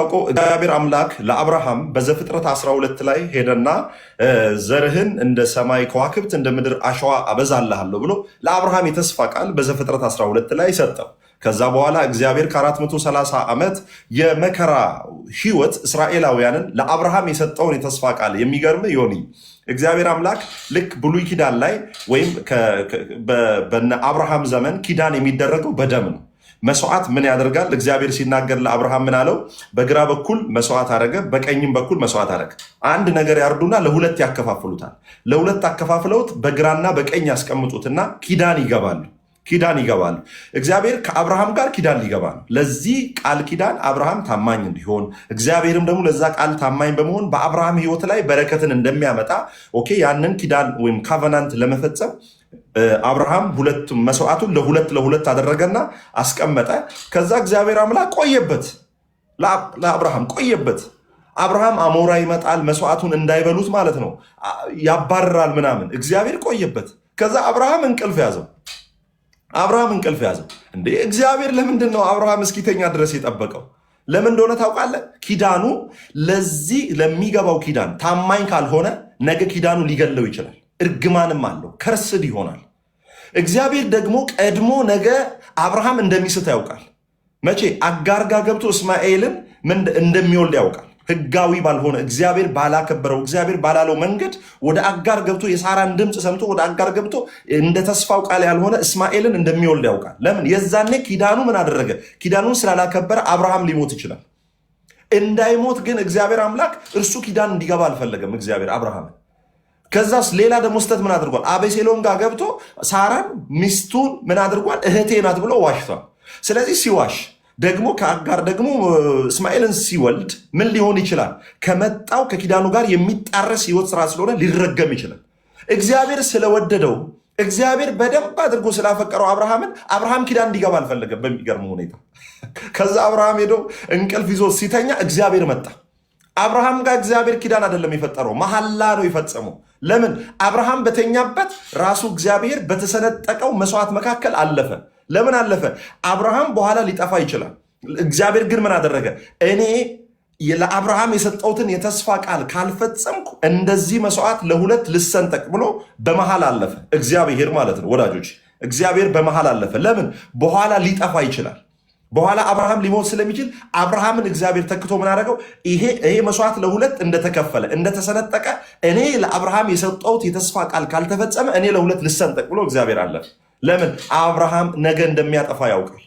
ታውቆ እግዚአብሔር አምላክ ለአብርሃም በዘፍጥረት 12 ላይ ሄደና ዘርህን እንደ ሰማይ ከዋክብት እንደ ምድር አሸዋ አበዛልሃለሁ ብሎ ለአብርሃም የተስፋ ቃል በዘፍጥረት 12 ላይ ሰጠው። ከዛ በኋላ እግዚአብሔር ከ430 ዓመት የመከራ ህይወት እስራኤላውያንን ለአብርሃም የሰጠውን የተስፋ ቃል የሚገርም ዮኒ እግዚአብሔር አምላክ ልክ ብሉይ ኪዳን ላይ ወይም በአብርሃም ዘመን ኪዳን የሚደረገው በደም ነው። መስዋዕት ምን ያደርጋል? እግዚአብሔር ሲናገር ለአብርሃም ምን አለው? በግራ በኩል መስዋዕት አረገ፣ በቀኝም በኩል መስዋዕት አረገ። አንድ ነገር ያርዱና ለሁለት ያከፋፍሉታል። ለሁለት አከፋፍለውት በግራና በቀኝ ያስቀምጡትና ኪዳን ይገባሉ ኪዳን ይገባሉ። እግዚአብሔር ከአብርሃም ጋር ኪዳን ሊገባ ነው። ለዚህ ቃል ኪዳን አብርሃም ታማኝ እንዲሆን እግዚአብሔርም ደግሞ ለዛ ቃል ታማኝ በመሆን በአብርሃም ሕይወት ላይ በረከትን እንደሚያመጣ ኦኬ፣ ያንን ኪዳን ወይም ካቨናንት ለመፈጸም አብርሃም ሁለቱም መስዋዕቱን ለሁለት ለሁለት አደረገና አስቀመጠ። ከዛ እግዚአብሔር አምላክ ቆየበት ለአብርሃም ቆየበት። አብርሃም አሞራ ይመጣል መስዋዕቱን እንዳይበሉት ማለት ነው፣ ያባርራል ምናምን። እግዚአብሔር ቆየበት። ከዛ አብርሃም እንቅልፍ ያዘው። አብርሃም እንቅልፍ ያዘው። እንዴ እግዚአብሔር ለምንድን ነው አብርሃም እስኪተኛ ድረስ የጠበቀው? ለምን እንደሆነ ታውቃለህ? ኪዳኑ ለዚህ ለሚገባው ኪዳን ታማኝ ካልሆነ ነገ ኪዳኑ ሊገለው ይችላል። እርግማንም አለው፣ ከርስድ ይሆናል። እግዚአብሔር ደግሞ ቀድሞ ነገ አብርሃም እንደሚስት ያውቃል። መቼ አጋር ገብቶ እስማኤልን እንደሚወልድ ያውቃል። ህጋዊ ባልሆነ እግዚአብሔር ባላከበረው እግዚአብሔር ባላለው መንገድ ወደ አጋር ገብቶ የሳራን ድምፅ ሰምቶ ወደ አጋር ገብቶ እንደ ተስፋው ቃል ያልሆነ እስማኤልን እንደሚወልድ ያውቃል። ለምን? የዛኔ ኪዳኑ ምን አደረገ? ኪዳኑን ስላላከበረ አብርሃም ሊሞት ይችላል። እንዳይሞት ግን እግዚአብሔር አምላክ እርሱ ኪዳን እንዲገባ አልፈለገም። እግዚአብሔር አብርሃምን ከዛስ ሌላ ደግሞ ስተት ምን አድርጓል? አቤሴሎም ጋር ገብቶ ሳራን ሚስቱን ምን አድርጓል? እህቴ ናት ብሎ ዋሽቷል። ስለዚህ ሲዋሽ ደግሞ ከአጋር ደግሞ እስማኤልን ሲወልድ ምን ሊሆን ይችላል? ከመጣው ከኪዳኑ ጋር የሚጣረስ ህይወት ስራ ስለሆነ ሊረገም ይችላል። እግዚአብሔር ስለወደደው እግዚአብሔር በደንብ አድርጎ ስላፈቀረው አብርሃምን አብርሃም ኪዳን እንዲገባ አልፈለገም። በሚገርም ሁኔታ ከዛ አብርሃም ሄዶ እንቅልፍ ይዞ ሲተኛ እግዚአብሔር መጣ። አብርሃም ጋር እግዚአብሔር ኪዳን አይደለም የፈጠረው መሐላ ነው የፈጸመው። ለምን አብርሃም በተኛበት ራሱ እግዚአብሔር በተሰነጠቀው መስዋዕት መካከል አለፈ። ለምን አለፈ? አብርሃም በኋላ ሊጠፋ ይችላል። እግዚአብሔር ግን ምን አደረገ? እኔ ለአብርሃም የሰጠውትን የተስፋ ቃል ካልፈጸምኩ እንደዚህ መስዋዕት ለሁለት ልሰንጠቅ ብሎ በመሃል አለፈ። እግዚአብሔር ማለት ነው ወዳጆች፣ እግዚአብሔር በመሃል አለፈ። ለምን? በኋላ ሊጠፋ ይችላል። በኋላ አብርሃም ሊሞት ስለሚችል አብርሃምን እግዚአብሔር ተክቶ ምን አደረገው? ይሄ መስዋዕት ለሁለት እንደተከፈለ እንደተሰነጠቀ፣ እኔ ለአብርሃም የሰጠሁት የተስፋ ቃል ካልተፈጸመ እኔ ለሁለት ልሰንጠቅ ብሎ እግዚአብሔር አለ። ለምን? አብርሃም ነገ እንደሚያጠፋ ያውቃል።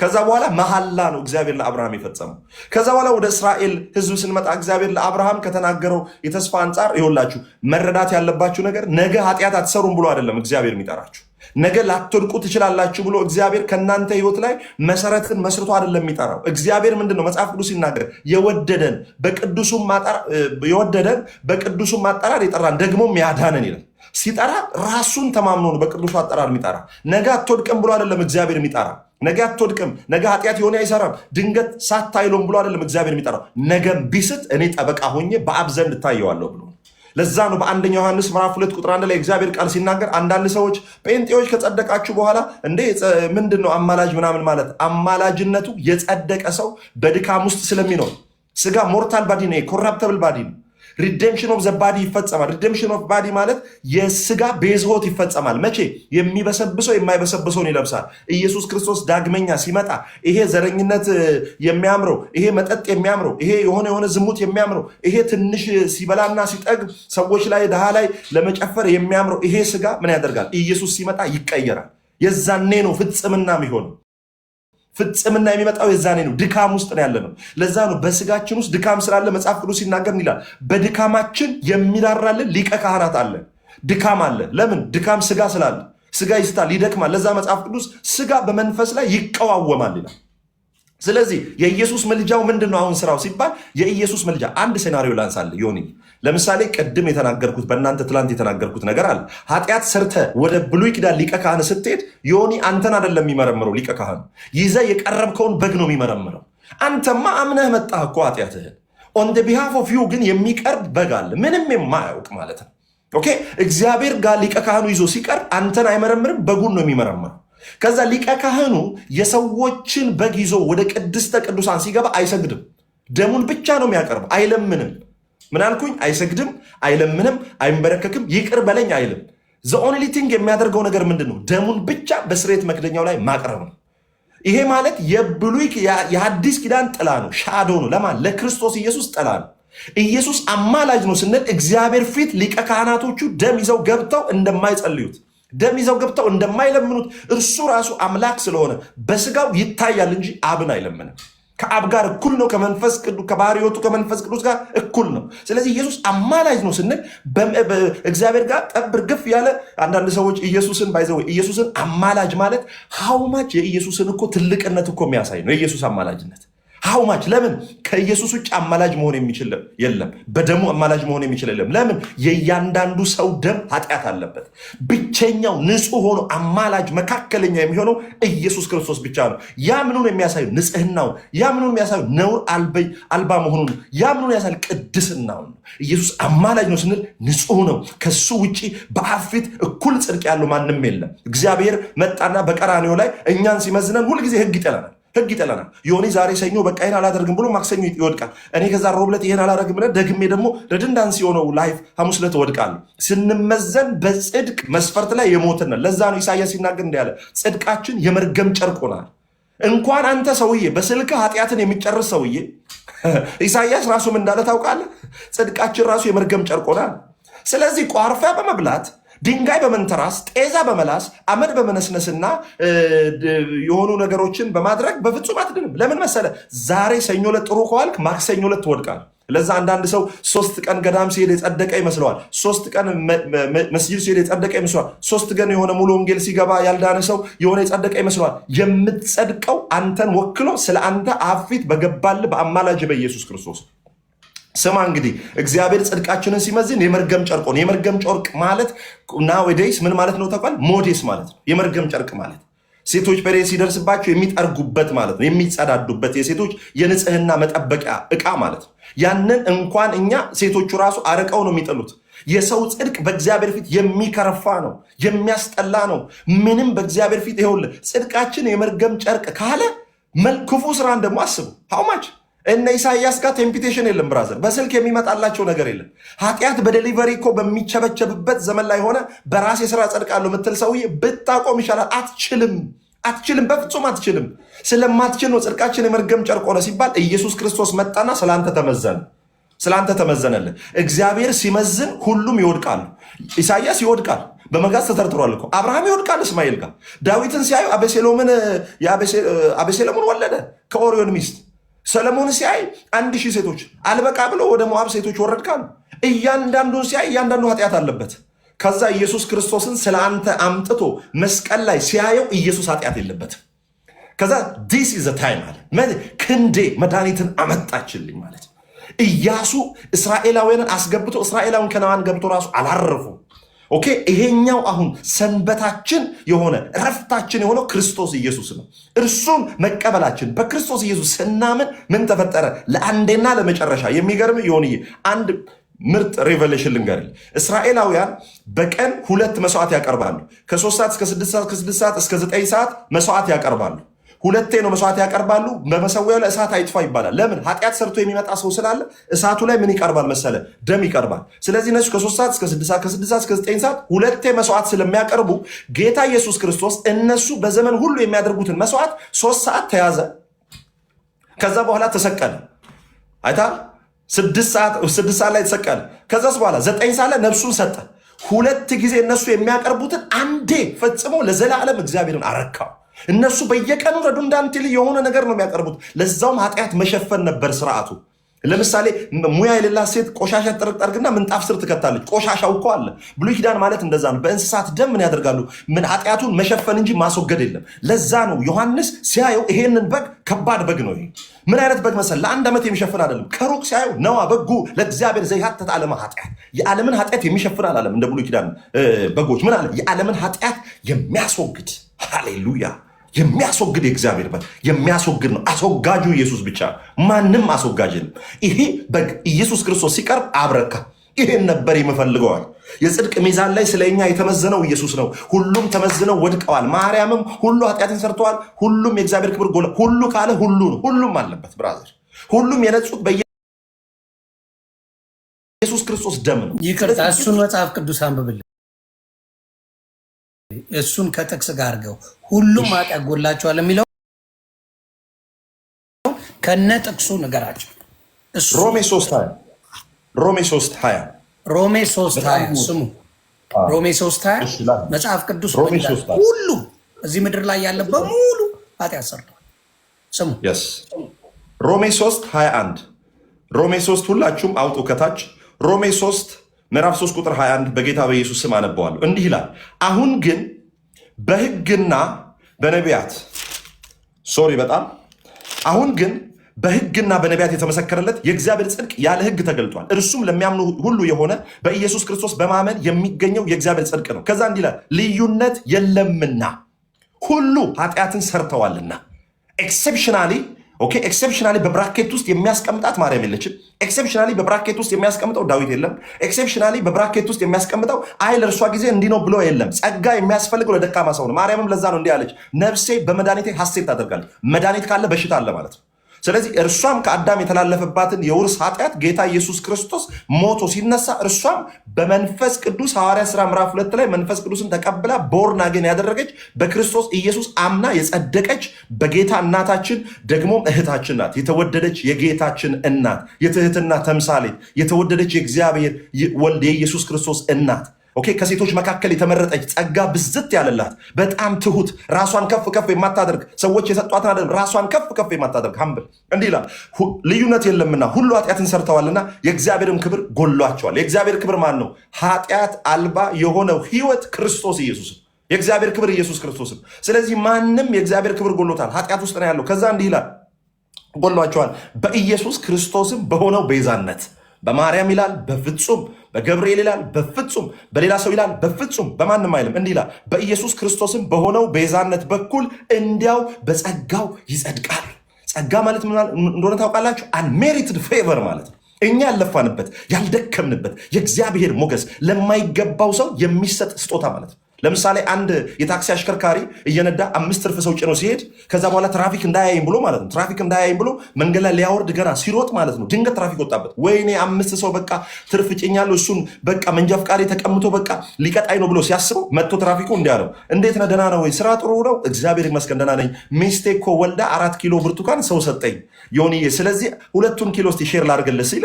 ከዛ በኋላ መሐላ ነው እግዚአብሔር ለአብርሃም የፈጸመው። ከዛ በኋላ ወደ እስራኤል ሕዝብ ስንመጣ እግዚአብሔር ለአብርሃም ከተናገረው የተስፋ አንጻር ይሆላችሁ መረዳት ያለባችሁ ነገር ነገ ኃጢአት አትሰሩም ብሎ አይደለም እግዚአብሔር የሚጠራችሁ። ነገ ላትወድቁ ትችላላችሁ ብሎ እግዚአብሔር ከእናንተ ህይወት ላይ መሰረትን መስርቶ አይደለም የሚጠራው። እግዚአብሔር ምንድን ነው መጽሐፍ ቅዱስ ሲናገር የወደደን በቅዱሱም የወደደን በቅዱሱም ማጠራር የጠራን ደግሞም ያዳነን ይላል። ሲጠራ ራሱን ተማምኖ ነው በቅዱሱ አጠራር የሚጠራ። ነገ አትወድቅም ብሎ አይደለም እግዚአብሔር የሚጠራ። ነገ አትወድቅም፣ ነገ ኃጢአት የሆነ አይሰራም፣ ድንገት ሳታይሎም ብሎ አይደለም እግዚአብሔር የሚጠራው። ነገም ቢስት እኔ ጠበቃ ሆኜ በአብ ዘንድ እታየዋለሁ ብሎ ለዛ ነው በአንደኛ ዮሐንስ ምዕራፍ ሁለት ቁጥር አንድ ላይ እግዚአብሔር ቃል ሲናገር አንዳንድ ሰዎች ጴንጤዎች ከጸደቃችሁ በኋላ እንደ ምንድን ነው አማላጅ ምናምን ማለት አማላጅነቱ የጸደቀ ሰው በድካም ውስጥ ስለሚኖር ስጋ ሞርታል ባዲ ነው፣ ኮራፕተብል ባዲ ነው ሪደምሽን ኦፍ ዘ ባዲ ይፈጸማል። ሪደምሽን ኦፍ ባዲ ማለት የስጋ ቤዝሆት ይፈጸማል። መቼ? የሚበሰብሰው የማይበሰብሰውን ይለብሳል። ኢየሱስ ክርስቶስ ዳግመኛ ሲመጣ ይሄ ዘረኝነት የሚያምረው፣ ይሄ መጠጥ የሚያምረው፣ ይሄ የሆነ የሆነ ዝሙት የሚያምረው፣ ይሄ ትንሽ ሲበላና ሲጠግ ሰዎች ላይ ድሃ ላይ ለመጨፈር የሚያምረው ይሄ ስጋ ምን ያደርጋል? ኢየሱስ ሲመጣ ይቀየራል። የዛኔ ነው ፍጽምና የሚሆነው። ፍጽምና የሚመጣው የዛኔ ነው። ድካም ውስጥ ነው ያለ ነው። ለዛ ነው በስጋችን ውስጥ ድካም ስላለ መጽሐፍ ቅዱስ ሲናገር ይላል፣ በድካማችን የሚራራልን ሊቀ ካህናት አለ። ድካም አለ። ለምን? ድካም ስጋ ስላለ፣ ስጋ ይስታል፣ ይደክማል። ለዛ መጽሐፍ ቅዱስ ስጋ በመንፈስ ላይ ይቀዋወማል ይላል። ስለዚህ የኢየሱስ ምልጃው ምንድን ነው አሁን ስራው ሲባል የኢየሱስ ምልጃ አንድ ሴናሪዮ ላንሳለ ዮኒ ለምሳሌ ቅድም የተናገርኩት በእናንተ ትላንት የተናገርኩት ነገር አለ። ኃጢአት ሰርተ ወደ ብሉይ ኪዳን ሊቀ ካህን ስትሄድ ዮኒ አንተን አይደለም የሚመረምረው ሊቀ ካህን፣ ይዘ የቀረብከውን በግ ነው የሚመረምረው። አንተማ አምነህ መጣህ እኮ ኃጢአትህን። ኦን ደ ቢሃፍ ኦፍ ዩ ግን የሚቀርብ በግ አለ፣ ምንም የማያውቅ ማለት ነው። ኦኬ እግዚአብሔር ጋር ሊቀ ካህኑ ይዞ ሲቀርብ አንተን አይመረምርም፣ በጉን ነው የሚመረምረው። ከዛ ሊቀ ካህኑ የሰዎችን በግ ይዞ ወደ ቅድስተ ቅዱሳን ሲገባ አይሰግድም፣ ደሙን ብቻ ነው የሚያቀርብ፣ አይለምንም ምን አልኩኝ? አይሰግድም፣ አይለምንም፣ አይንበረከክም፣ ይቅር በለኝ አይልም። ዘኦንሊ ቲንግ የሚያደርገው ነገር ምንድን ነው? ደሙን ብቻ በስርየት መክደኛው ላይ ማቅረብ ነው። ይሄ ማለት የብሉይ የሐዲስ ኪዳን ጥላ ነው፣ ሻዶ ነው። ለማን? ለክርስቶስ ኢየሱስ ጥላ ነው። ኢየሱስ አማላጅ ነው ስንል እግዚአብሔር ፊት ሊቀ ካህናቶቹ ደም ይዘው ገብተው እንደማይጸልዩት ደም ይዘው ገብተው እንደማይለምኑት እርሱ ራሱ አምላክ ስለሆነ በስጋው ይታያል እንጂ አብን አይለምንም። ከአብ ጋር እኩል ነው። ከመንፈስ ቅዱስ ከመንፈስ ቅዱስ ጋር እኩል ነው። ስለዚህ ኢየሱስ አማላጅ ነው ስንል እግዚአብሔር ጋር ጠብር ግፍ ያለ አንዳንድ ሰዎች ኢየሱስን ባይዘው ኢየሱስን አማላጅ ማለት ሀውማች የኢየሱስን እኮ ትልቅነት እኮ የሚያሳይ ነው የኢየሱስ አማላጅነት ሀውማች ለምን ከኢየሱስ ውጭ አማላጅ መሆን የሚችል የለም። በደሙ አማላጅ መሆን የሚችል የለም። ለምን የእያንዳንዱ ሰው ደም ኃጢአት አለበት። ብቸኛው ንጹህ ሆኖ አማላጅ መካከለኛ የሚሆነው ኢየሱስ ክርስቶስ ብቻ ነው። ያ ምኑን የሚያሳዩ ንጽህናው፣ ያ ምኑን የሚያሳዩ ነውር አልበይ አልባ መሆኑን፣ ያ ምኑን ያሳል ቅድስናውን። ኢየሱስ አማላጅ ነው ስንል ንጹህ ነው። ከሱ ውጭ በአብ ፊት እኩል ጽድቅ ያለው ማንም የለም። እግዚአብሔር መጣና በቀራኔው ላይ እኛን ሲመዝነን ሁልጊዜ ህግ ይጠለናል። ህግ ይጠላናል። የሆኔ ዛሬ ሰኞ በቃ ይህን አላደርግም ብሎ ማክሰኞ ይወድቃል። እኔ ከዛ ሮብለት ይሄን አላደርግም ብለህ ደግሜ ደግሞ ረድንዳንስ የሆነው ላይፍ ሐሙስ ዕለት እወድቃለሁ። ስንመዘን በጽድቅ መስፈርት ላይ የሞትን ነው። ለዛ ነው ኢሳያስ ሲናገር እንዳለ ጽድቃችን የመርገም ጨርቅ ሆናል። እንኳን አንተ ሰውዬ በስልክ ኃጢአትን የሚጨርስ ሰውዬ ኢሳያስ ራሱም እንዳለ ታውቃለህ፣ ጽድቃችን ራሱ የመርገም ጨርቅ ሆናል። ስለዚህ ቋርፋ በመብላት ድንጋይ በመንተራስ ጤዛ በመላስ አመድ በመነስነስና የሆኑ ነገሮችን በማድረግ በፍጹም አትድንም። ለምን መሰለ? ዛሬ ሰኞ ዕለት ጥሩ ከዋልክ ማክሰኞ ዕለት ትወድቃል። ለዛ አንዳንድ ሰው ሶስት ቀን ገዳም ሲሄድ የጸደቀ ይመስለዋል። ሶስት ቀን መስጂድ ሲሄድ የጸደቀ ይመስለዋል። ሶስት ቀን የሆነ ሙሉ ወንጌል ሲገባ ያልዳነ ሰው የሆነ የጸደቀ ይመስለዋል። የምትጸድቀው አንተን ወክሎ ስለ አንተ አፊት በገባል በአማላጅ በኢየሱስ ክርስቶስ ስማ እንግዲህ እግዚአብሔር ጽድቃችንን ሲመዝን የመርገም ጨርቆን የመርገም ጨርቅ ማለት ናዴስ ምን ማለት ነው ተባል ሞዴስ ማለት ነው። የመርገም ጨርቅ ማለት ሴቶች በሬ ሲደርስባቸው የሚጠርጉበት ማለት ነው። የሚጸዳዱበት የሴቶች የንጽህና መጠበቂያ እቃ ማለት ነው። ያንን እንኳን እኛ ሴቶቹ ራሱ አርቀው ነው የሚጥሉት። የሰው ጽድቅ በእግዚአብሔር ፊት የሚከረፋ ነው፣ የሚያስጠላ ነው። ምንም በእግዚአብሔር ፊት ይኸውልህ ጽድቃችን የመርገም ጨርቅ ካለ ክፉ ስራን ደግሞ አስቡ ሀውማች እነ ኢሳያስ ጋር ቴምፒቴሽን የለም ብራዘር፣ በስልክ የሚመጣላቸው ነገር የለም። ኃጢአት በደሊቨሪ እኮ በሚቸበቸብበት ዘመን ላይ ሆነ በራሴ ስራ ጸድቃለሁ ምትል ሰውዬ ብታቆም ይሻላል። አትችልም፣ አትችልም፣ በፍጹም አትችልም። ስለማትችል ነው ጽድቃችን የመርገም ጨርቅ ሆነ ሲባል ኢየሱስ ክርስቶስ መጣና ስለአንተ ተመዘነ፣ ስለአንተ ተመዘነልን። እግዚአብሔር ሲመዝን ሁሉም ይወድቃሉ። ኢሳያስ ይወድቃል በመጋዝ ተተርትሯል እኮ አብርሃም ይወድቃል። እስማኤል ጋር ዳዊትን ሲያዩ አቤሴሎምን አቤሴሎምን ወለደ ከኦሪዮን ሚስት ሰለሞን ሲያይ አንድ ሺህ ሴቶች አልበቃ ብሎ ወደ ሞዓብ ሴቶች ወረድካል። እያንዳንዱን ሲያይ እያንዳንዱ ኃጢአት አለበት። ከዛ ኢየሱስ ክርስቶስን ስለ አንተ አምጥቶ መስቀል ላይ ሲያየው ኢየሱስ ኃጢአት የለበት። ከዛ ዲስ ኢዝ ታይም አለ ክንዴ መድኃኒትን አመጣችልኝ ማለት ኢያሱ እስራኤላውያንን አስገብቶ እስራኤላውን ከነዓን ገብቶ ራሱ አላረፉም። ኦኬ ይሄኛው አሁን ሰንበታችን የሆነ እረፍታችን የሆነው ክርስቶስ ኢየሱስ ነው። እርሱን መቀበላችን በክርስቶስ ኢየሱስ ስናምን ምን ተፈጠረ? ለአንዴና ለመጨረሻ የሚገርም ይሆንዬ አንድ ምርጥ ሬቨሌሽን ልንገርል። እስራኤላውያን በቀን ሁለት መስዋዕት ያቀርባሉ። ከሶስት ሰዓት እስከ ስድስት ሰዓት ከስድስት ሰዓት እስከ ዘጠኝ ሰዓት መስዋዕት ያቀርባሉ። ሁለቴ ነው መስዋዕት ያቀርባሉ። በመሰዊያው ላይ እሳት አይጥፋ ይባላል። ለምን? ኃጢአት ሰርቶ የሚመጣ ሰው ስላለ እሳቱ ላይ ምን ይቀርባል መሰለ? ደም ይቀርባል። ስለዚህ እነሱ ከሶስት ሰዓት እስከ ስድስት ሰዓት ከስድስት ሰዓት እስከ ዘጠኝ ሰዓት ሁለቴ መስዋዕት ስለሚያቀርቡ ጌታ ኢየሱስ ክርስቶስ እነሱ በዘመን ሁሉ የሚያደርጉትን መስዋዕት ሶስት ሰዓት ተያዘ፣ ከዛ በኋላ ተሰቀለ። አይታ ስድስት ሰዓት ላይ ተሰቀለ። ከዛስ በኋላ ዘጠኝ ሰዓት ላይ ነፍሱን ሰጠ። ሁለት ጊዜ እነሱ የሚያቀርቡትን አንዴ ፈጽሞ ለዘላለም እግዚአብሔርን አረካው። እነሱ በየቀኑ ረዱንዳንትል የሆነ ነገር ነው የሚያቀርቡት። ለዛውም ኃጢአት መሸፈን ነበር ስርዓቱ። ለምሳሌ ሙያ የሌላት ሴት ቆሻሻ ጠርቅጠርግና ምንጣፍ ስር ትከታለች። ቆሻሻው እኮ አለ። ብሉይ ኪዳን ማለት እንደዛ ነው። በእንስሳት ደም ምን ያደርጋሉ? ምን ኃጢአቱን መሸፈን እንጂ ማስወገድ የለም። ለዛ ነው ዮሐንስ ሲያየው ይሄንን በግ ከባድ በግ ነው። ይሄ ምን አይነት በግ መሰል? ለአንድ ዓመት የሚሸፍን አይደለም። ከሩቅ ሲያየው ነዋ በጉ ለእግዚአብሔር ዘይሀተት ዓለም ኃጢአት፣ የዓለምን ኃጢአት የሚሸፍን አላለም። እንደ ብሉይ ኪዳን በጎች ምን አለ? የዓለምን ኃጢአት የሚያስወግድ ሃሌሉያ የሚያስወግድ የእግዚአብሔር በት የሚያስወግድ ነው። አስወጋጁ ኢየሱስ ብቻ፣ ማንም አስወጋጅ ነው። ይሄ በግ ኢየሱስ ክርስቶስ ሲቀርብ አብረካ ይሄን ነበር የምፈልገዋል። የጽድቅ ሚዛን ላይ ስለ እኛ የተመዘነው ኢየሱስ ነው። ሁሉም ተመዝነው ወድቀዋል። ማርያምም ሁሉ ኃጢአትን ሰርተዋል፣ ሁሉም የእግዚአብሔር ክብር ጎለ ሁሉ ካለ ሁሉ ነው። ሁሉም አለበት ብራዘር። ሁሉም የነጹት በኢየሱስ ክርስቶስ ደም ነው። ይቅርታ፣ እሱን መጽሐፍ ቅዱስ አንብብል እሱን ከጥቅስ ጋር አድርገው ሁሉም ኃጢአት ያጎላቸዋል የሚለው ከነ ጥቅሱ ንገራቸው። ሮሜ ሶስት ሀያ ሮሜ ሶስት ሀያ ሮሜ ሶስት ሀያ ስሙ ሮሜ ሶስት ሀያ መጽሐፍ ቅዱስ ሁሉ እዚህ ምድር ላይ ያለ በሙሉ ኃጢአት ሰርቷል። ስሙ ሮሜ ሶስት ሀያ አንድ ሮሜ ሶስት ሁላችሁም አውጡ ከታች ሮሜ ሶስት ምዕራፍ 3 ቁጥር 21 በጌታ በኢየሱስ ስም አነበዋለሁ። እንዲህ ይላል፣ አሁን ግን በሕግና በነቢያት ሶሪ በጣም አሁን ግን በሕግና በነቢያት የተመሰከረለት የእግዚአብሔር ጽድቅ ያለ ሕግ ተገልጧል። እርሱም ለሚያምኑ ሁሉ የሆነ በኢየሱስ ክርስቶስ በማመን የሚገኘው የእግዚአብሔር ጽድቅ ነው። ከዛ እንዲህ ይላል፣ ልዩነት የለምና ሁሉ ኃጢአትን ሰርተዋልና ኤክሴፕሽናሊ ኦኬ ኤክሴፕሽናሊ በብራኬት ውስጥ የሚያስቀምጣት ማርያም የለችም። ኤክሴፕሽናሊ በብራኬት ውስጥ የሚያስቀምጠው ዳዊት የለም። ኤክሴፕሽናሊ በብራኬት ውስጥ የሚያስቀምጠው አይ ለእርሷ ጊዜ እንዲህ ነው ብሎ የለም። ጸጋ የሚያስፈልገው ለደካማ ሰው ነው። ማርያምም ለዛ ነው እንዲህ አለች፣ ነፍሴ በመድኃኒቴ ሐሴት ታደርጋለች። መድኃኒት ካለ በሽታ አለ ማለት ነው። ስለዚህ እርሷም ከአዳም የተላለፈባትን የውርስ ኃጢአት ጌታ ኢየሱስ ክርስቶስ ሞቶ ሲነሳ እርሷም በመንፈስ ቅዱስ ሐዋርያ ሥራ ምዕራፍ ሁለት ላይ መንፈስ ቅዱስን ተቀብላ ቦርናገን ያደረገች በክርስቶስ ኢየሱስ አምና የጸደቀች በጌታ እናታችን ደግሞም እህታችን ናት። የተወደደች የጌታችን እናት፣ የትህትና ተምሳሌት፣ የተወደደች የእግዚአብሔር ወልድ የኢየሱስ ክርስቶስ እናት ኦኬ ከሴቶች መካከል የተመረጠች ጸጋ ብዝት ያለላት በጣም ትሁት ራሷን ከፍ ከፍ የማታደርግ ሰዎች የሰጧትን አይደለም ራሷን ከፍ ከፍ የማታደርግ ሀምብል እንዲህ ይላል ልዩነት የለምና ሁሉ ኃጢአትን ሰርተዋልና የእግዚአብሔርም ክብር ጎሏቸዋል የእግዚአብሔር ክብር ማን ነው ኃጢአት አልባ የሆነው ህይወት ክርስቶስ ኢየሱስ የእግዚአብሔር ክብር ኢየሱስ ክርስቶስ ስለዚህ ማንም የእግዚአብሔር ክብር ጎሎታል ኃጢአት ውስጥ ነው ያለው ከዛ እንዲህ ይላል ጎሏቸዋል በኢየሱስ ክርስቶስም በሆነው ቤዛነት በማርያም ይላል በፍጹም በገብርኤል ይላል በፍጹም በሌላ ሰው ይላል በፍጹም በማንም አይልም እንዲህ ይላል በኢየሱስ ክርስቶስም በሆነው ቤዛነት በኩል እንዲያው በጸጋው ይጸድቃል ጸጋ ማለት እንደሆነ ታውቃላችሁ አንሜሪትድ ፌቨር ማለት ነው እኛ ያለፋንበት ያልደከምንበት የእግዚአብሔር ሞገስ ለማይገባው ሰው የሚሰጥ ስጦታ ማለት ነው ለምሳሌ አንድ የታክሲ አሽከርካሪ እየነዳ አምስት ትርፍ ሰው ጭኖ ሲሄድ ከዛ በኋላ ትራፊክ እንዳያይም ብሎ ማለት ነው። ትራፊክ እንዳያይም ብሎ መንገድ ላይ ሊያወርድ ገና ሲሮጥ ማለት ነው፣ ድንገት ትራፊክ ወጣበት። ወይኔ አምስት ሰው በቃ ትርፍ ጭኛለሁ፣ እሱን በቃ መንጃ ፈቃዴ ተቀምቶ በቃ ሊቀጣይ ነው ብሎ ሲያስበው መጥቶ ትራፊኩ እንዲያለው እንዴት ነህ? ደህና ነው ወይ? ስራ ጥሩ ነው፣ እግዚአብሔር ይመስገን ደህና ነኝ። ሚስቴ እኮ ወልዳ አራት ኪሎ ብርቱካን ሰው ሰጠኝ ዮኒዬ፣ ስለዚህ ሁለቱን ኪሎ ስ ሼር ላድርግልህ ሲል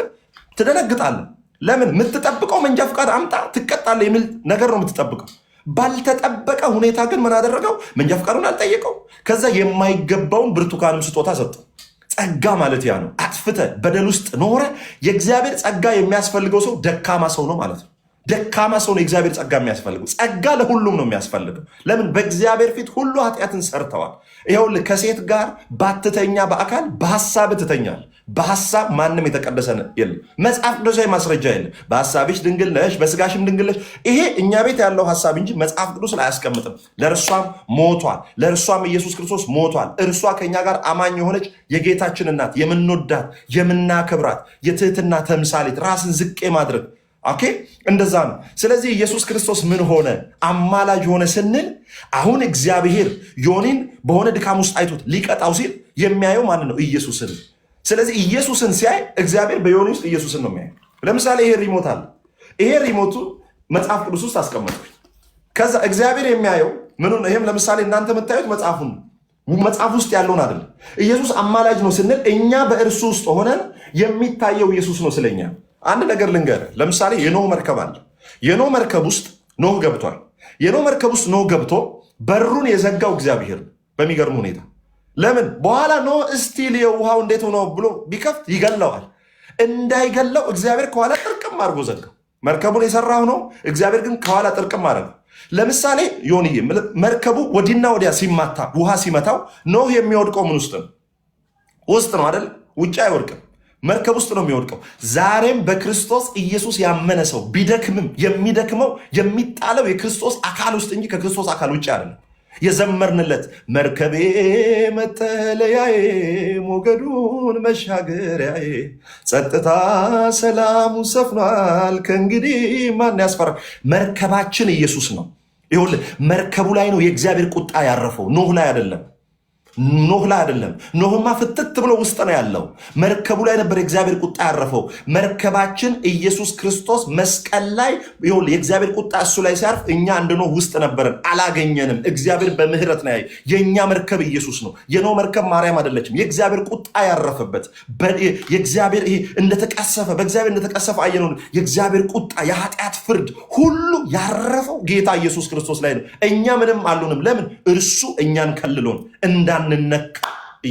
ትደነግጣለህ። ለምን? የምትጠብቀው መንጃ ፈቃድ አምጣ ትቀጣለህ የሚል ነገር ነው የምትጠብቀው ባልተጠበቀ ሁኔታ ግን ምን አደረገው? መንጃ ፈቃዱን አልጠየቀው። ከዛ የማይገባውን ብርቱካንም ስጦታ ሰጡ። ጸጋ ማለት ያ ነው። አጥፍተ በደል ውስጥ ኖረ። የእግዚአብሔር ጸጋ የሚያስፈልገው ሰው ደካማ ሰው ነው ማለት ነው። ደካማ ሰው ነው እግዚአብሔር ጸጋ የሚያስፈልገው። ጸጋ ለሁሉም ነው የሚያስፈልገው። ለምን? በእግዚአብሔር ፊት ሁሉ ኃጢአትን ሰርተዋል። ይኸውልህ ከሴት ጋር ባትተኛ በአካል በሀሳብ ትተኛል። በሀሳብ ማንም የተቀደሰ የለም። መጽሐፍ ቅዱሳዊ ማስረጃ የለም። በሀሳብሽ ድንግል ነሽ፣ በስጋሽም ድንግል ነሽ። ይሄ እኛ ቤት ያለው ሀሳብ እንጂ መጽሐፍ ቅዱስ ላይ አያስቀምጥም። ለእርሷም ሞቷል፣ ለእርሷም ኢየሱስ ክርስቶስ ሞቷል። እርሷ ከእኛ ጋር አማኝ የሆነች የጌታችን እናት፣ የምንወዳት፣ የምናከብራት፣ የትህትና ተምሳሌት ራስን ዝቅ ማድረግ ኦኬ እንደዛ ነው። ስለዚህ ኢየሱስ ክርስቶስ ምን ሆነ? አማላጅ ሆነ ስንል አሁን እግዚአብሔር ዮኒን በሆነ ድካም ውስጥ አይቶት ሊቀጣው ሲል የሚያየው ማንን ነው? ኢየሱስን። ስለዚህ ኢየሱስን ሲያይ እግዚአብሔር በዮኒ ውስጥ ኢየሱስን ነው የሚያየው። ለምሳሌ ይሄ ሪሞት አለ። ይሄ ሪሞቱ መጽሐፍ ቅዱስ ውስጥ አስቀመጥኩኝ። ከዛ እግዚአብሔር የሚያየው ምኑን? ይህም ለምሳሌ እናንተ የምታዩት መጽሐፉን መጽሐፍ ውስጥ ያለውን አይደለም። ኢየሱስ አማላጅ ነው ስንል እኛ በእርሱ ውስጥ ሆነን የሚታየው ኢየሱስ ነው ስለኛ አንድ ነገር ልንገር። ለምሳሌ የኖህ መርከብ አለ። የኖህ መርከብ ውስጥ ኖህ ገብቷል። የኖህ መርከብ ውስጥ ኖህ ገብቶ በሩን የዘጋው እግዚአብሔር ነው። በሚገርም ሁኔታ ለምን በኋላ ኖህ እስቲል የውሃው እንዴት ሆኖ ብሎ ቢከፍት ይገለዋል። እንዳይገለው እግዚአብሔር ከኋላ ጥርቅም አድርጎ ዘጋው። መርከቡን የሰራ ሆኖ እግዚአብሔር ግን ከኋላ ጥርቅም አደረገው። ለምሳሌ ዮንዬ መርከቡ ወዲና ወዲያ ሲማታ ውሃ ሲመታው ኖህ የሚወድቀው ምን ውስጥ ነው? ውስጥ ነው አደል? ውጭ አይወድቅም። መርከብ ውስጥ ነው የሚወድቀው። ዛሬም በክርስቶስ ኢየሱስ ያመነ ሰው ቢደክምም የሚደክመው የሚጣለው የክርስቶስ አካል ውስጥ እንጂ ከክርስቶስ አካል ውጭ አይደለም። የዘመርንለት መርከቤ መጠለያዬ ሞገዱን መሻገሪያዬ ጸጥታ ሰላሙ ሰፍኗል ከእንግዲህ ማን ያስፈራ መርከባችን ኢየሱስ ነው። ይሁን መርከቡ ላይ ነው የእግዚአብሔር ቁጣ ያረፈው፣ ኖህ ላይ አይደለም። ኖህ ላይ አይደለም። ኖህማ ፍትት ብሎ ውስጥ ነው ያለው። መርከቡ ላይ ነበር የእግዚአብሔር ቁጣ ያረፈው። መርከባችን ኢየሱስ ክርስቶስ መስቀል ላይ የእግዚአብሔር ቁጣ እሱ ላይ ሲያርፍ እኛ እንደ ኖህ ውስጥ ነበረን፣ አላገኘንም። እግዚአብሔር በምህረት ነው ያየ። የእኛ መርከብ ኢየሱስ ነው። የኖህ መርከብ ማርያም አይደለችም። የእግዚአብሔር ቁጣ ያረፈበት የእግዚአብሔር ይሄ እንደተቀሰፈ በእግዚአብሔር እንደተቀሰፈ አየነው። የእግዚአብሔር ቁጣ የኃጢአት ፍርድ ሁሉ ያረፈው ጌታ ኢየሱስ ክርስቶስ ላይ ነው። እኛ ምንም አልሆንም። ለምን? እርሱ እኛን ከልሎን እንዳ ሳንነካ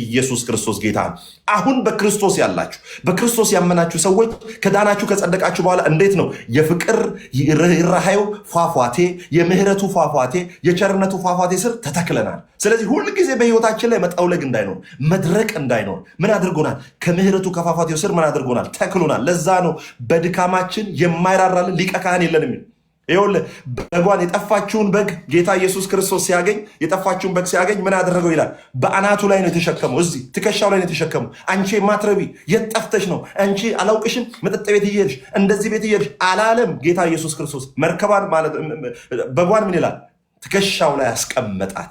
ኢየሱስ ክርስቶስ ጌታ ነው። አሁን በክርስቶስ ያላችሁ በክርስቶስ ያመናችሁ ሰዎች ከዳናችሁ ከጸደቃችሁ በኋላ እንዴት ነው የፍቅር ራሃዩ ፏፏቴ፣ የምህረቱ ፏፏቴ፣ የቸርነቱ ፏፏቴ ስር ተተክለናል። ስለዚህ ሁልጊዜ በህይወታችን ላይ መጠውለግ እንዳይኖር መድረቅ እንዳይኖር ምን አድርጎናል? ከምህረቱ ከፏፏቴው ስር ምን አድርጎናል? ተክሎናል። ለዛ ነው በድካማችን የማይራራልን ሊቀ ካህን የለንም። ይኸውልህ በጓን የጠፋችውን በግ ጌታ ኢየሱስ ክርስቶስ ሲያገኝ የጠፋችውን በግ ሲያገኝ ምን አደረገው ይላል? በአናቱ ላይ ነው የተሸከመው፣ እዚህ ትከሻው ላይ ነው የተሸከመው። አንቺ ማትረቢ የት ጠፍተሽ ነው? አንቺ አላውቅሽም፣ መጠጥ ቤት እየሄድሽ እንደዚህ ቤት እየሄድሽ አላለም ጌታ ኢየሱስ ክርስቶስ። መርከቧን ማለት በጓን ምን ይላል? ትከሻው ላይ አስቀመጣት።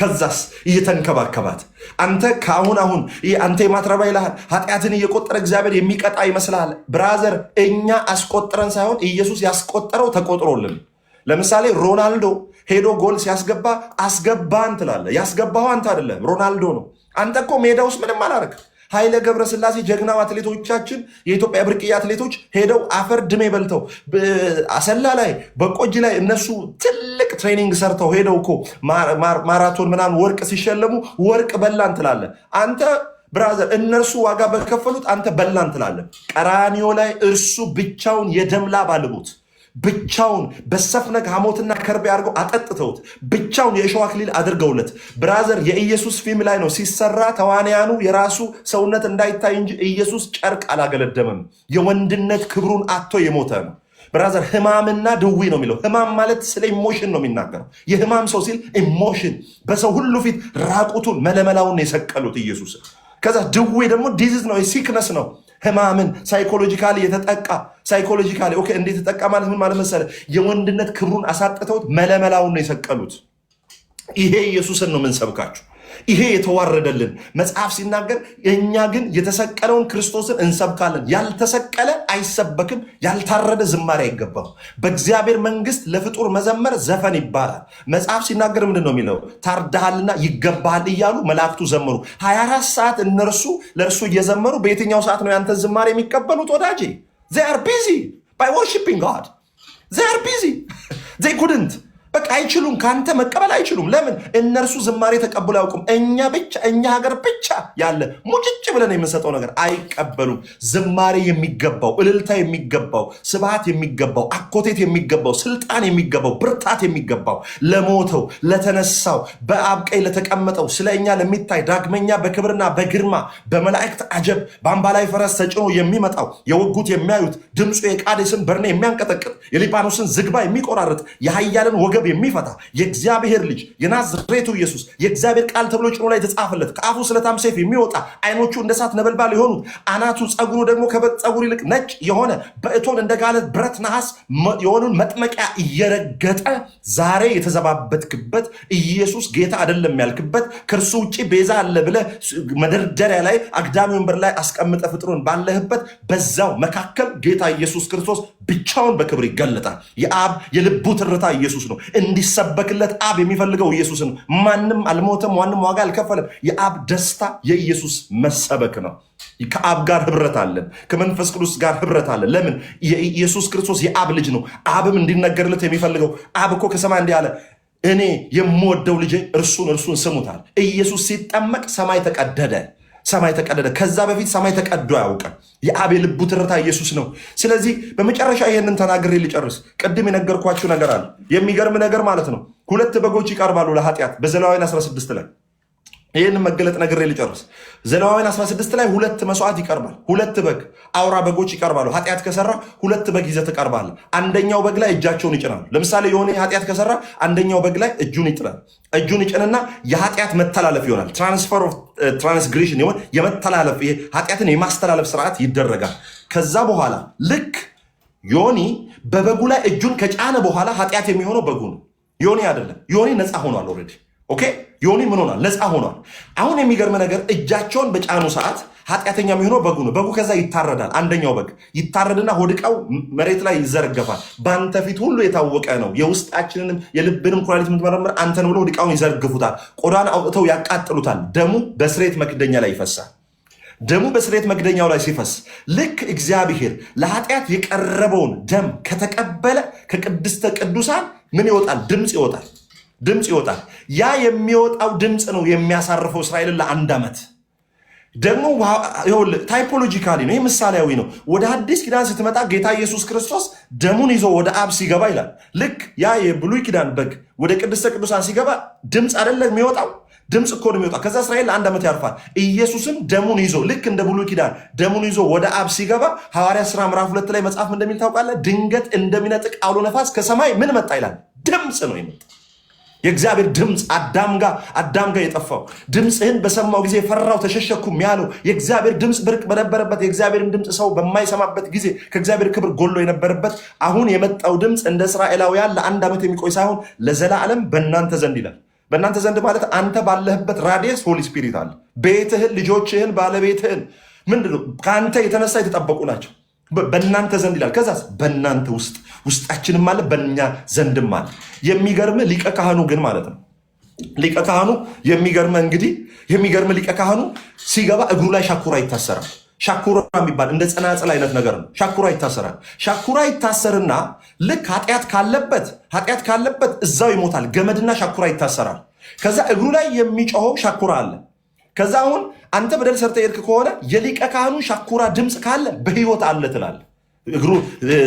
ከዛስ እየተንከባከባት አንተ ከአሁን አሁን አንተ የማትረባ ይልሃል። ኃጢአትን እየቆጠረ እግዚአብሔር የሚቀጣ ይመስልሃል? ብራዘር፣ እኛ አስቆጥረን ሳይሆን ኢየሱስ ያስቆጠረው ተቆጥሮልን። ለምሳሌ ሮናልዶ ሄዶ ጎል ሲያስገባ አስገባን ትላለህ። ያስገባው አንተ አይደለም ሮናልዶ ነው። አንተ እኮ ሜዳ ውስጥ ምንም አላደረግም። ኃይለ ገብረስላሴ ጀግናው አትሌቶቻችን የኢትዮጵያ ብርቅዬ አትሌቶች ሄደው አፈር ድሜ በልተው አሰላ ላይ በቆጂ ላይ እነሱ ትልቅ ትሬኒንግ ሰርተው ሄደው እኮ ማራቶን ምናምን ወርቅ ሲሸለሙ ወርቅ በላን ትላለ አንተ ብራዘር እነርሱ ዋጋ በከፈሉት አንተ በላን ትላለ። ቀራኒዮ ላይ እርሱ ብቻውን የደም ላብ ብቻውን በሰፍነግ ሐሞትና ከርቤ አድርገው አጠጥተውት ብቻውን የእሾህ አክሊል አድርገውለት ብራዘር፣ የኢየሱስ ፊልም ላይ ነው ሲሰራ ተዋንያኑ የራሱ ሰውነት እንዳይታይ እንጂ ኢየሱስ ጨርቅ አላገለደመም። የወንድነት ክብሩን አቶ የሞተ ነው ብራዘር። ህማምና ድዊ ነው የሚለው ህማም ማለት ስለ ኢሞሽን ነው የሚናገረው። የህማም ሰው ሲል ኢሞሽን፣ በሰው ሁሉ ፊት ራቁቱን መለመላውን የሰቀሉት ኢየሱስ። ከዛ ድዌ ደግሞ ዲዚዝ ነው ሲክነስ ነው ህማምን ሳይኮሎጂካል የተጠቃ ሳይኮሎጂካሊ ኦኬ፣ እንዴት ተጠቃ ምን ማለት መሰለ፣ የወንድነት ክብሩን አሳጥተውት መለመላውን ነው የሰቀሉት። ይሄ ኢየሱስን ነው የምንሰብካችሁ። ይሄ የተዋረደልን መጽሐፍ ሲናገር፣ እኛ ግን የተሰቀለውን ክርስቶስን እንሰብካለን። ያልተሰቀለ አይሰበክም፣ ያልታረደ ዝማሬ አይገባም። በእግዚአብሔር መንግስት ለፍጡር መዘመር ዘፈን ይባላል። መጽሐፍ ሲናገር ምንድን ነው የሚለው? ታርዳሃልና ይገባሃል እያሉ መላእክቱ ዘመሩ። 24 ሰዓት እነርሱ ለእርሱ እየዘመሩ፣ በየትኛው ሰዓት ነው ያንተን ዝማሬ የሚቀበሉት ወዳጄ? They are busy by worshiping God. They are busy. they couldn't. በቃ አይችሉም። ከአንተ መቀበል አይችሉም። ለምን እነርሱ ዝማሬ ተቀብሎ አያውቁም። እኛ ብቻ እኛ ሀገር ብቻ ያለ ሙጭጭ ብለን የምንሰጠው ነገር አይቀበሉም። ዝማሬ የሚገባው እልልታ የሚገባው ስብሃት የሚገባው አኮቴት የሚገባው ስልጣን የሚገባው ብርታት የሚገባው ለሞተው ለተነሳው በአብ ቀኝ ለተቀመጠው ስለ እኛ ለሚታይ ዳግመኛ በክብርና በግርማ በመላእክት አጀብ በአምባላይ ፈረስ ተጭኖ የሚመጣው የወጉት የሚያዩት ድምፁ የቃዴስን በርኔ የሚያንቀጠቅጥ የሊባኖስን ዝግባ የሚቆራርጥ የሀያልን ወገ መዝገብ የሚፈታ የእግዚአብሔር ልጅ የናዝሬቱ ኢየሱስ የእግዚአብሔር ቃል ተብሎ ጭኖ ላይ የተጻፈለት ከአፉ ስለታም ሰይፍ የሚወጣ አይኖቹ እንደ እሳት ነበልባል የሆኑት አናቱ ጸጉሩ ደግሞ ከበግ ጸጉር ይልቅ ነጭ የሆነ በእቶን እንደ ጋለ ብረት ነሐስ የሆኑን መጥመቂያ እየረገጠ ዛሬ የተዘባበትክበት ኢየሱስ ጌታ አይደለም ያልክበት ከእርሱ ውጭ ቤዛ አለ ብለ መደርደሪያ ላይ አግዳሚ ወንበር ላይ አስቀምጠ ፍጥሩን ባለህበት በዛው መካከል ጌታ ኢየሱስ ክርስቶስ ብቻውን በክብር ይገለጣል። የአብ የልቡ ትርታ ኢየሱስ ነው። እንዲሰበክለት አብ የሚፈልገው ኢየሱስ ነው። ማንም አልሞተም፣ ማንም ዋጋ አልከፈለም። የአብ ደስታ የኢየሱስ መሰበክ ነው። ከአብ ጋር ህብረት አለን፣ ከመንፈስ ቅዱስ ጋር ህብረት አለን። ለምን? የኢየሱስ ክርስቶስ የአብ ልጅ ነው። አብም እንዲነገርለት የሚፈልገው አብ እኮ ከሰማይ እንዲህ አለ እኔ የምወደው ልጄ እርሱን እርሱን ስሙታል። ኢየሱስ ሲጠመቅ ሰማይ ተቀደደ። ሰማይ ተቀደደ። ከዛ በፊት ሰማይ ተቀዶ አያውቅም። የአብ የልቡ ትርታ ኢየሱስ ነው። ስለዚህ በመጨረሻ ይህንን ተናግሬ ልጨርስ። ቅድም የነገርኳችሁ ነገር አለ፣ የሚገርም ነገር ማለት ነው። ሁለት በጎች ይቀርባሉ ለኃጢአት በዘሌዋውያን 16 ላይ ይህን መገለጥ ነግሬ ሊጨርስ ዘሌዋውያን 16 ላይ ሁለት መስዋዕት ይቀርባል። ሁለት በግ አውራ በጎች ይቀርባሉ። ኃጢአት ከሰራ ሁለት በግ ይዘህ ትቀርባለህ። አንደኛው በግ ላይ እጃቸውን ይጭናሉ። ለምሳሌ የሆነ ኃጢአት ከሰራ አንደኛው በግ ላይ እጁን ይጥላል። እጁን ይጭንና የኃጢአት መተላለፍ ይሆናል። ትራንስፈር ኦፍ ትራንስግሬሽን ይሆን የመተላለፍ ይሄ ኃጢአትን የማስተላለፍ ስርዓት ይደረጋል። ከዛ በኋላ ልክ ዮኒ በበጉ ላይ እጁን ከጫነ በኋላ ኃጢአት የሚሆነው በጉ ነው። ዮኒ አይደለም። ዮኒ ነፃ ሆኗል ኦልሬዲ ኦኬ ዮኒ ምን ሆኗል? ነፃ ሆኗል። አሁን የሚገርም ነገር እጃቸውን በጫኑ ሰዓት ኃጢአተኛ የሚሆነው በጉ ነው። በጉ ከዛ ይታረዳል። አንደኛው በግ ይታረድና ሆድቀው መሬት ላይ ይዘረገፋል። በአንተ ፊት ሁሉ የታወቀ ነው፣ የውስጣችንንም የልብንም ኩላሊት የምትመረምር አንተን ብሎ ሆድቃውን ይዘርግፉታል። ቆዳን አውጥተው ያቃጥሉታል። ደሙ በስሬት መክደኛ ላይ ይፈሳል። ደሙ በስሬት መክደኛው ላይ ሲፈስ ልክ እግዚአብሔር ለኃጢአት የቀረበውን ደም ከተቀበለ ከቅድስተ ቅዱሳን ምን ይወጣል? ድምፅ ይወጣል። ድምፅ ይወጣል። ያ የሚወጣው ድምፅ ነው የሚያሳርፈው እስራኤልን ለአንድ ዓመት። ደግሞ ታይፖሎጂካሊ ነው፣ ይህ ምሳሌያዊ ነው። ወደ አዲስ ኪዳን ስትመጣ ጌታ ኢየሱስ ክርስቶስ ደሙን ይዞ ወደ አብ ሲገባ ይላል። ልክ ያ የብሉይ ኪዳን በግ ወደ ቅድስተ ቅዱሳን ሲገባ ድምፅ አይደለም የሚወጣው ድምፅ እኮ ነው ከዛ እስራኤል ለአንድ ዓመት ያርፋል። ኢየሱስም ደሙን ይዞ ልክ እንደ ብሉይ ኪዳን ደሙን ይዞ ወደ አብ ሲገባ ሐዋርያ ሥራ ምዕራፍ ሁለት ላይ መጽሐፍ እንደሚል ታውቃለህ። ድንገት እንደሚነጥቅ አውሎ ነፋስ ከሰማይ ምን መጣ ይላል? ድምፅ ነው የመጣ የእግዚአብሔር ድምፅ አዳም ጋር አዳም ጋር የጠፋው ድምፅህን በሰማው ጊዜ ፈራው ተሸሸኩም ያለው የእግዚአብሔር ድምፅ ብርቅ በነበረበት የእግዚአብሔርን ድምፅ ሰው በማይሰማበት ጊዜ ከእግዚአብሔር ክብር ጎሎ የነበረበት አሁን የመጣው ድምፅ እንደ እስራኤላውያን ለአንድ ዓመት የሚቆይ ሳይሆን ለዘላለም በእናንተ ዘንድ ይላል። በእናንተ ዘንድ ማለት አንተ ባለህበት ራዲየስ ሆሊ ስፒሪት አለ። ቤትህን፣ ልጆችህን፣ ባለቤትህን ምንድን ነው ከአንተ የተነሳ የተጠበቁ ናቸው። በእናንተ ዘንድ ይላል። ከዛ በእናንተ ውስጥ ውስጣችንም አለ በእኛ ዘንድም አለ። የሚገርም ሊቀ ካህኑ ግን ማለት ነው ሊቀ ካህኑ የሚገርመ እንግዲህ የሚገርም ሊቀ ካህኑ ሲገባ እግሩ ላይ ሻኩራ ይታሰራል። ሻኩራ የሚባል እንደ ጸናጽል አይነት ነገር ነው። ሻኩራ ይታሰራል። ሻኩራ ይታሰርና ልክ ኃጢአት ካለበት ኃጢአት ካለበት እዛው ይሞታል። ገመድና ሻኩራ ይታሰራል። ከዛ እግሩ ላይ የሚጮኸው ሻኩራ አለ። ከዛ አሁን አንተ በደል ሰርተ የሄድክ ከሆነ የሊቀ ካህኑ ሻኩራ ድምፅ ካለ በህይወት አለ ትላል። እግሩ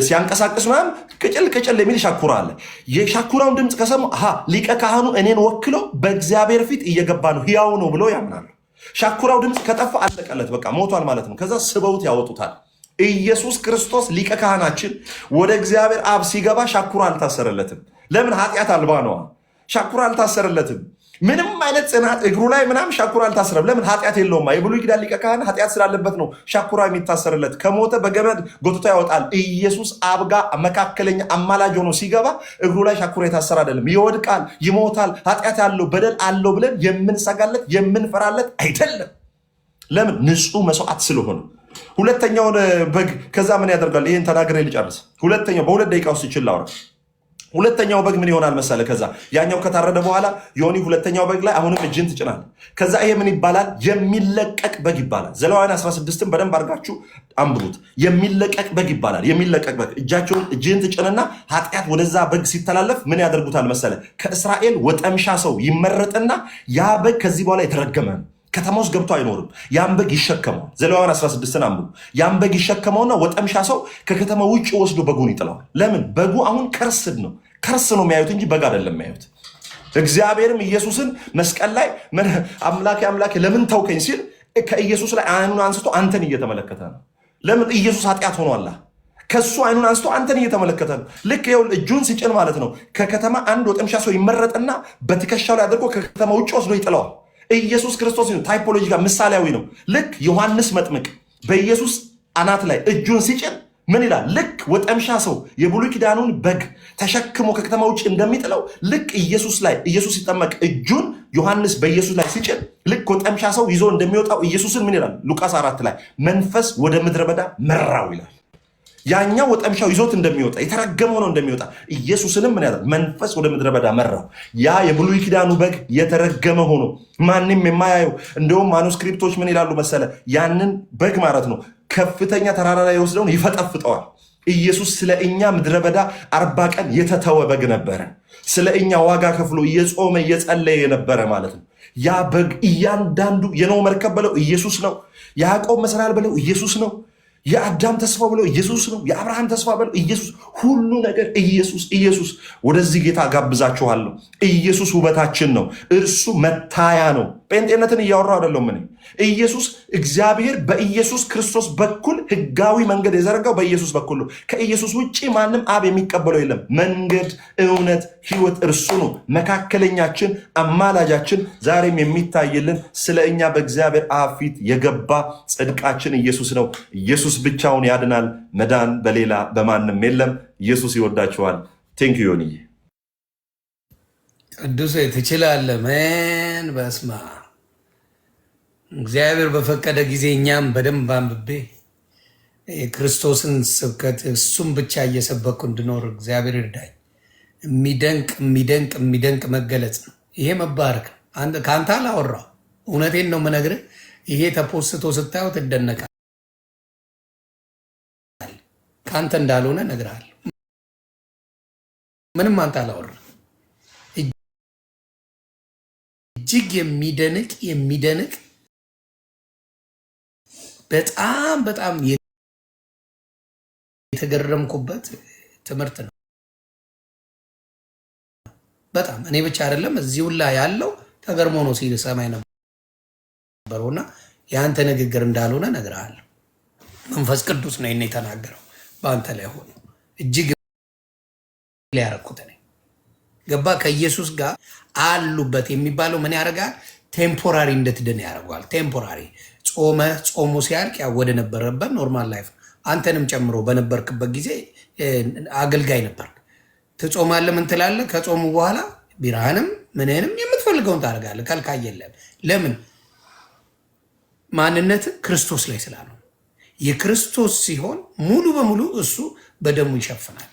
ሲያንቀሳቅስ ምናምን ቅጭል ቅጭል የሚል ሻኩራ አለ። የሻኩራውን ድምፅ ከሰሙ አሃ ሊቀ ካህኑ እኔን ወክሎ በእግዚአብሔር ፊት እየገባ ነው ህያው ነው ብሎ ያምናሉ። ሻኩራው ድምፅ ከጠፋ አለቀለት፣ በቃ ሞቷል ማለት ነው። ከዛ ስበውት ያወጡታል። ኢየሱስ ክርስቶስ ሊቀ ካህናችን ወደ እግዚአብሔር አብ ሲገባ ሻኩራ አልታሰረለትም። ለምን? ኃጢአት አልባ ነዋ። ሻኩራ አልታሰረለትም። ምንም አይነት ጽናት እግሩ ላይ ምናም ሻኩራ አልታስረም። ለምን ኃጢአት የለውም። የብሉይ ኪዳን ሊቀ ካህን ኃጢአት ስላለበት ነው ሻኩራ የሚታሰርለት። ከሞተ በገመድ ጎትቶ ያወጣል። ኢየሱስ አብጋ መካከለኛ አማላጅ ሆኖ ሲገባ እግሩ ላይ ሻኩራ የታሰረ አይደለም። ይወድቃል፣ ይሞታል። ኃጢአት ያለው በደል አለው ብለን የምንሰጋለት የምንፈራለት አይደለም። ለምን ንጹህ መስዋዕት ስለሆነ። ሁለተኛውን በግ ከዛ ምን ያደርጋል? ይህን ተናግሬ ልጨርስ። ሁለተኛው በሁለት ደቂቃ ውስጥ ይችል ሁለተኛው በግ ምን ይሆናል መሰለ? ከዛ ያኛው ከታረደ በኋላ ዮኒ ሁለተኛው በግ ላይ አሁንም እጅን ትጭናል። ከዛ ይሄ ምን ይባላል? የሚለቀቅ በግ ይባላል። ዘሌዋውያን 16ን በደንብ አድርጋችሁ አንብቡት። የሚለቀቅ በግ ይባላል። የሚለቀቅ በግ እጃቸውን እጅን ትጭንና ኃጢአት ወደዛ በግ ሲተላለፍ ምን ያደርጉታል መሰለ? ከእስራኤል ወጠምሻ ሰው ይመረጥና ያ በግ ከዚህ በኋላ የተረገመ ከተማ ውስጥ ገብቶ አይኖርም። ያን በግ ይሸከመዋል። ዘሌዋውያን 16ን አንብቡ። ያን በግ ይሸከመውና ወጠምሻ ሰው ከከተማ ውጭ ወስዶ በጉን ይጥለዋል። ለምን? በጉ አሁን ከርስድ ነው። ከርስ ነው የሚያዩት እንጂ በግ አይደለም የሚያዩት። እግዚአብሔርም ኢየሱስን መስቀል ላይ አምላኬ አምላኬ ለምን ተውከኝ ሲል ከኢየሱስ ላይ አይኑን አንስቶ አንተን እየተመለከተ ነው። ለምን ኢየሱስ ኃጢአት ሆኗላ። ከሱ አይኑን አንስቶ አንተን እየተመለከተ ነው። ልክ ይኸውልህ እጁን ሲጭን ማለት ነው ከከተማ አንድ ወጠምሻ ሰው ይመረጥና በትከሻው ላይ አድርጎ ከከተማ ውጭ ወስዶ ይጥለዋል። ኢየሱስ ክርስቶስ ታይፖሎጂ ጋር ምሳሌያዊ ነው። ልክ ዮሐንስ መጥምቅ በኢየሱስ አናት ላይ እጁን ሲጭን ምን ይላል? ልክ ወጠምሻ ሰው የብሉይ ኪዳኑን በግ ተሸክሞ ከከተማ ውጭ እንደሚጥለው ልክ ኢየሱስ ላይ ኢየሱስ ሲጠመቅ እጁን ዮሐንስ በኢየሱስ ላይ ሲጭን ልክ ወጠምሻ ሰው ይዞ እንደሚወጣው ኢየሱስን ምን ይላል? ሉቃስ አራት ላይ መንፈስ ወደ ምድረ በዳ መራው ይላል። ያኛው ወጠምሻው ይዞት እንደሚወጣ የተረገመው ነው እንደሚወጣ ኢየሱስንም ምን ያደርግ መንፈስ ወደ ምድረ በዳ መራው። ያ የብሉይ ኪዳኑ በግ የተረገመ ሆኖ ማንም የማያየው እንደውም ማኑስክሪፕቶች ምን ይላሉ መሰለ ያንን በግ ማለት ነው ከፍተኛ ተራራ ላይ የወስደውን ይፈጠፍጠዋል። ኢየሱስ ስለ እኛ ምድረ በዳ አርባ ቀን የተተወ በግ ነበረ። ስለ እኛ ዋጋ ከፍሎ እየጾመ እየጸለየ የነበረ ማለት ነው። ያ በግ እያንዳንዱ የነው መርከብ በለው ኢየሱስ ነው። ያዕቆብ መሰላል በለው ኢየሱስ ነው። የአዳም ተስፋ ብለው ኢየሱስ ነው። የአብርሃም ተስፋ ብለው ኢየሱስ፣ ሁሉ ነገር ኢየሱስ ኢየሱስ። ወደዚህ ጌታ ጋብዛችኋለሁ። ኢየሱስ ውበታችን ነው። እርሱ መታያ ነው። ጴንጤነትን እያወራው አይደለሁም። ምን ኢየሱስ እግዚአብሔር በኢየሱስ ክርስቶስ በኩል ህጋዊ መንገድ የዘረጋው በኢየሱስ በኩል ነው። ከኢየሱስ ውጭ ማንም አብ የሚቀበለው የለም። መንገድ፣ እውነት፣ ህይወት እርሱ ነው። መካከለኛችን፣ አማላጃችን፣ ዛሬም የሚታይልን ስለ እኛ በእግዚአብሔር አብ ፊት የገባ ጽድቃችን ኢየሱስ ነው። ኢየሱስ ብቻውን ያድናል። መዳን በሌላ በማንም የለም። ኢየሱስ ይወዳችኋል። ቴንክ ዩ ዮኒ ቅዱሴ ትችላለህ። በስማ እግዚአብሔር በፈቀደ ጊዜ እኛም በደንብ አንብቤ የክርስቶስን ስብከት እሱም ብቻ እየሰበኩ እንድኖር እግዚአብሔር ይርዳኝ። የሚደንቅ የሚደንቅ የሚደንቅ መገለጽ ነው። ይሄ መባረክ ነው። ከአንተ አላወራው፣ እውነቴን ነው የምነግርህ። ይሄ ተፖስቶ ስታየው ትደነቃል። ከአንተ እንዳልሆነ እነግርሃለሁ። ምንም አንተ አላወራ። እጅግ የሚደንቅ የሚደንቅ በጣም በጣም የተገረምኩበት ትምህርት ነው። በጣም እኔ ብቻ አይደለም እዚሁ ላይ ያለው ተገርሞ ነው ሲል ሰማይ ነበረው እና የአንተ ንግግር እንዳልሆነ እነግርሃለሁ። መንፈስ ቅዱስ ነው ይሄን የተናገረው በአንተ ላይ ሆኖ እጅግ ሊያረኩት እኔ ገባ ከኢየሱስ ጋር አሉበት የሚባለው ምን ያደርጋል? ቴምፖራሪ እንድትድን ያደርገዋል። ቴምፖራሪ ጾመ ጾሙ ሲያልቅ ያው ወደ ነበረበት ኖርማል ላይፍ አንተንም ጨምሮ በነበርክበት ጊዜ አገልጋይ ነበር። ትጾማለህ፣ ምን ትላለህ? ከጾሙ በኋላ ቢራህንም ምንንም የምትፈልገውን ታደርጋለህ። ከልካይ የለም። ለምን? ማንነት ክርስቶስ ላይ ስላለ የክርስቶስ ሲሆን ሙሉ በሙሉ እሱ በደሙ ይሸፍናል።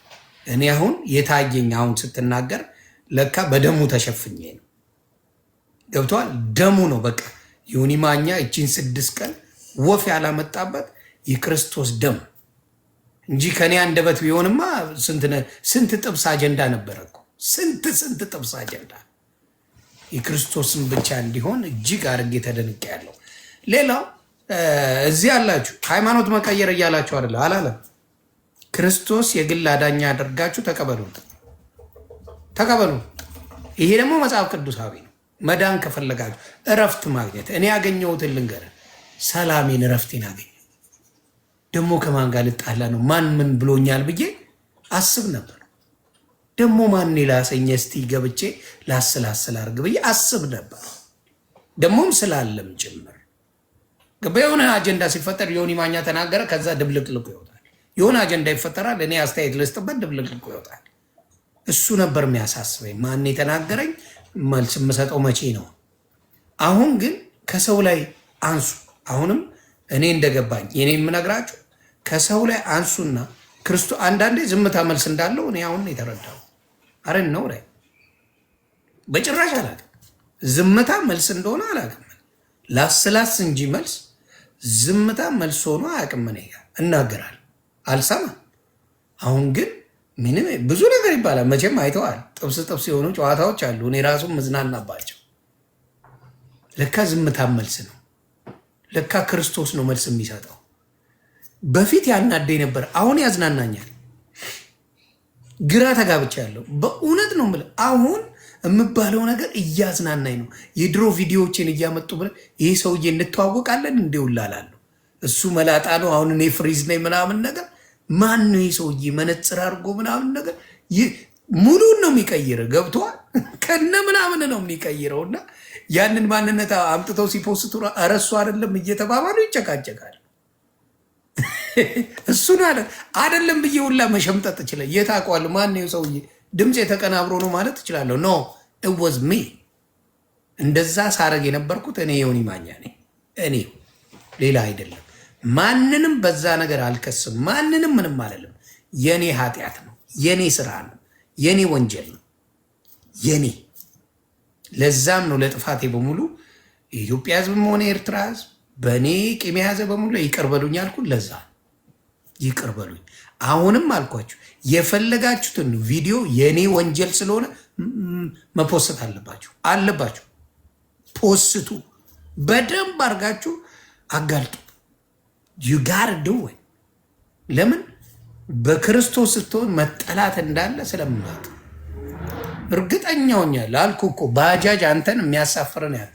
እኔ አሁን የታየኝ አሁን ስትናገር ለካ በደሙ ተሸፍኜ ነው። ገብተዋል። ደሙ ነው በቃ ዮኒ ማኛ ይቺን ስድስት ቀን ወፍ ያላመጣበት የክርስቶስ ደም እንጂ ከኔ አንደበት ቢሆንማ ስንት ጥብስ አጀንዳ ነበረ እኮ ስንት ስንት ጥብስ አጀንዳ። የክርስቶስን ብቻ እንዲሆን እጅግ አድርጌ ተደንቅ ያለው። ሌላው እዚህ አላችሁ ሃይማኖት መቀየር እያላችሁ አይደለ አላለም። ክርስቶስ የግል አዳኛ አድርጋችሁ ተቀበሉ ተቀበሉ። ይሄ ደግሞ መጽሐፍ ቅዱሳዊ ነው። መዳን ከፈለጋችሁ እረፍት ማግኘት እኔ ያገኘሁትን ልንገር፣ ሰላሜን እረፍቴን አገኘ። ደግሞ ከማን ጋር ልጣላ ነው? ማን ምን ብሎኛል ብዬ አስብ ነበር። ደግሞ ማን ላሰኘ እስቲ ገብቼ ላስላስል አድርግ ብዬ አስብ ነበር። ደግሞም ስላለም ጭምር የሆነ አጀንዳ ሲፈጠር ዮኒ ማኛ ተናገረ፣ ከዛ ድብልቅልቁ ይወጣል። የሆነ አጀንዳ ይፈጠራል፣ እኔ አስተያየት ልስጥበት፣ ድብልቅልቁ ይወጣል። እሱ ነበር የሚያሳስበኝ ማን የተናገረኝ መልስ የምሰጠው መቼ ነው? አሁን ግን ከሰው ላይ አንሱ። አሁንም እኔ እንደገባኝ የኔ የምነግራችሁ ከሰው ላይ አንሱና ክርስቶ አንዳንዴ ዝምታ መልስ እንዳለው እኔ አሁን የተረዳው አረን ነው ላይ በጭራሽ አላውቅም። ዝምታ መልስ እንደሆነ አላውቅም። ላስላስ እንጂ መልስ ዝምታ መልስ ሆኖ አያውቅም። እኔ ጋር እናገራል አልሰማም። አሁን ግን ምንም ብዙ ነገር ይባላል። መቼም አይተዋል። ጥብስ ጥብስ የሆኑ ጨዋታዎች አሉ። እኔ ራሱ መዝናናባቸው። ለካ ዝምታን መልስ ነው። ለካ ክርስቶስ ነው መልስ የሚሰጠው። በፊት ያናደኝ ነበር፣ አሁን ያዝናናኛል። ግራ ተጋብቻ ያለው በእውነት ነው የምልህ አሁን የምባለው ነገር እያዝናናኝ ነው። የድሮ ቪዲዮዎችን እያመጡ ብለ ይህ ሰውዬ እንተዋወቃለን እንዲውላላሉ እሱ መላጣ ነው አሁን እኔ ፍሪዝ ነኝ ምናምን ነገር ማን ነው ይህ ሰውዬ መነጽር አድርጎ ምናምን ነገር ሙሉን ነው የሚቀይረው። ገብቷል። ከነ ምናምን ነው የሚቀይረው እና ያንን ማንነት አምጥተው ሲፖስቱ እረሱ አይደለም እየተባባሉ ይጨቃጨቃል። እሱን አለ አይደለም ብዬ ሁላ መሸምጠጥ ይችላል። የታቋል ማን ነው ሰውዬ ድምፅ የተቀናብሮ ነው ማለት እችላለሁ። ኖ ወዝ ሚ እንደዛ ሳረግ የነበርኩት እኔ የሆን ይማኛ እኔ ሌላ አይደለም። ማንንም በዛ ነገር አልከስም። ማንንም ምንም አለም የኔ ኃጢአት ነው፣ የኔ ስራ ነው፣ የኔ ወንጀል ነው፣ የኔ ለዛም ነው ለጥፋቴ በሙሉ የኢትዮጵያ ሕዝብም ሆነ ኤርትራ ህዝብ በእኔ ቂም የያዘ በሙሉ ይቅር አልኩ። ለዛ ይቅር አሁንም አልኳችሁ የፈለጋችሁትን ቪዲዮ የእኔ ወንጀል ስለሆነ መፖስት አለባችሁ አለባችሁ። ፖስቱ በደንብ አድርጋችሁ አጋልጡ። ዩ ጋር ዱ ለምን በክርስቶስ ስትሆን መጠላት እንዳለ ስለምናውቅ እርግጠኛውኛ ላልኩ እኮ ባጃጅ አንተን የሚያሳፍርን ያጣ